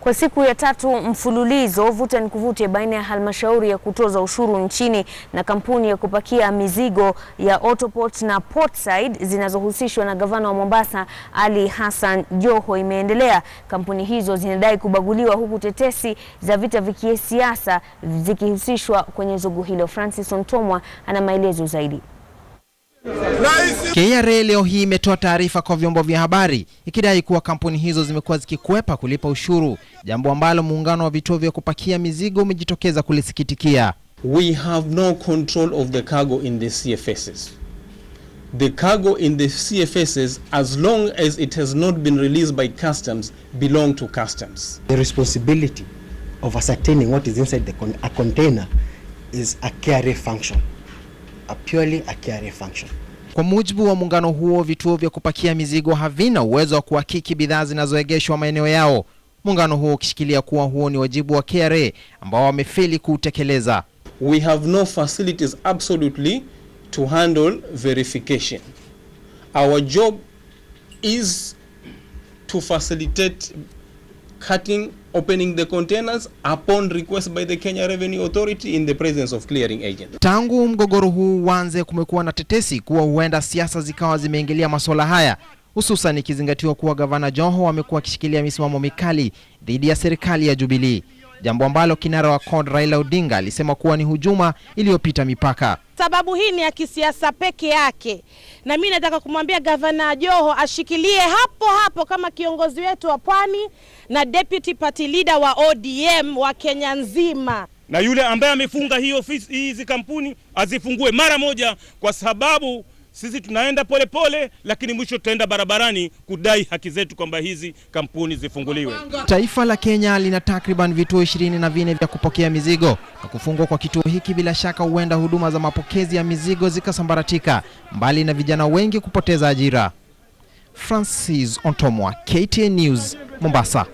Kwa siku ya tatu mfululizo, vuta ni kuvute baina ya halmashauri ya kutoza ushuru nchini na kampuni ya kupakia mizigo ya Autoport na Portside zinazohusishwa na gavana wa Mombasa Ali Hassan Joho imeendelea. Kampuni hizo zinadai kubaguliwa huku tetesi za vita vya kisiasa zikihusishwa kwenye zugu hilo. Francis Ontomwa ana maelezo zaidi. KRA leo hii imetoa taarifa kwa vyombo vya habari ikidai kuwa kampuni hizo zimekuwa zikikwepa kulipa ushuru, jambo ambalo muungano wa vituo vya kupakia mizigo umejitokeza kulisikitikia. We have no control of the cargo in the CFSs. The cargo in the CFSs as long as it has not been released by customs belong to customs. The responsibility of ascertaining what is inside the con a container is a KRA function. A purely a KRA function. Kwa mujibu wa muungano huo, vituo vya kupakia mizigo havina uwezo wa kuhakiki bidhaa zinazoegeshwa maeneo yao, muungano huo ukishikilia kuwa huo ni wajibu wa KRA ambao wamefeli kuutekeleza. We have no facilities absolutely to handle verification. Our job is to facilitate cutting opening the containers upon request by the Kenya Revenue Authority in the presence of clearing agent. Tangu mgogoro huu uanze, kumekuwa na tetesi kuwa huenda siasa zikawa zimeingilia masuala haya, hususan ikizingatiwa kuwa Gavana Joho amekuwa akishikilia misimamo mikali dhidi ya serikali ya Jubilee jambo ambalo kinara wa CORD Raila Odinga alisema kuwa ni hujuma iliyopita mipaka. Sababu hii ni ya kisiasa peke yake, na mimi nataka kumwambia gavana Joho ashikilie hapo hapo kama kiongozi wetu wa Pwani na deputy party leader wa ODM wa Kenya nzima na yule ambaye amefunga hii ofisi hizi kampuni azifungue mara moja, kwa sababu sisi tunaenda polepole pole, lakini mwisho tutaenda barabarani kudai haki zetu kwamba hizi kampuni zifunguliwe. Taifa la Kenya lina takriban vituo ishirini na vine vya kupokea mizigo na kufungwa kwa kituo hiki, bila shaka huenda huduma za mapokezi ya mizigo zikasambaratika, mbali na vijana wengi kupoteza ajira. Francis Ontomwa, KTN News, Mombasa.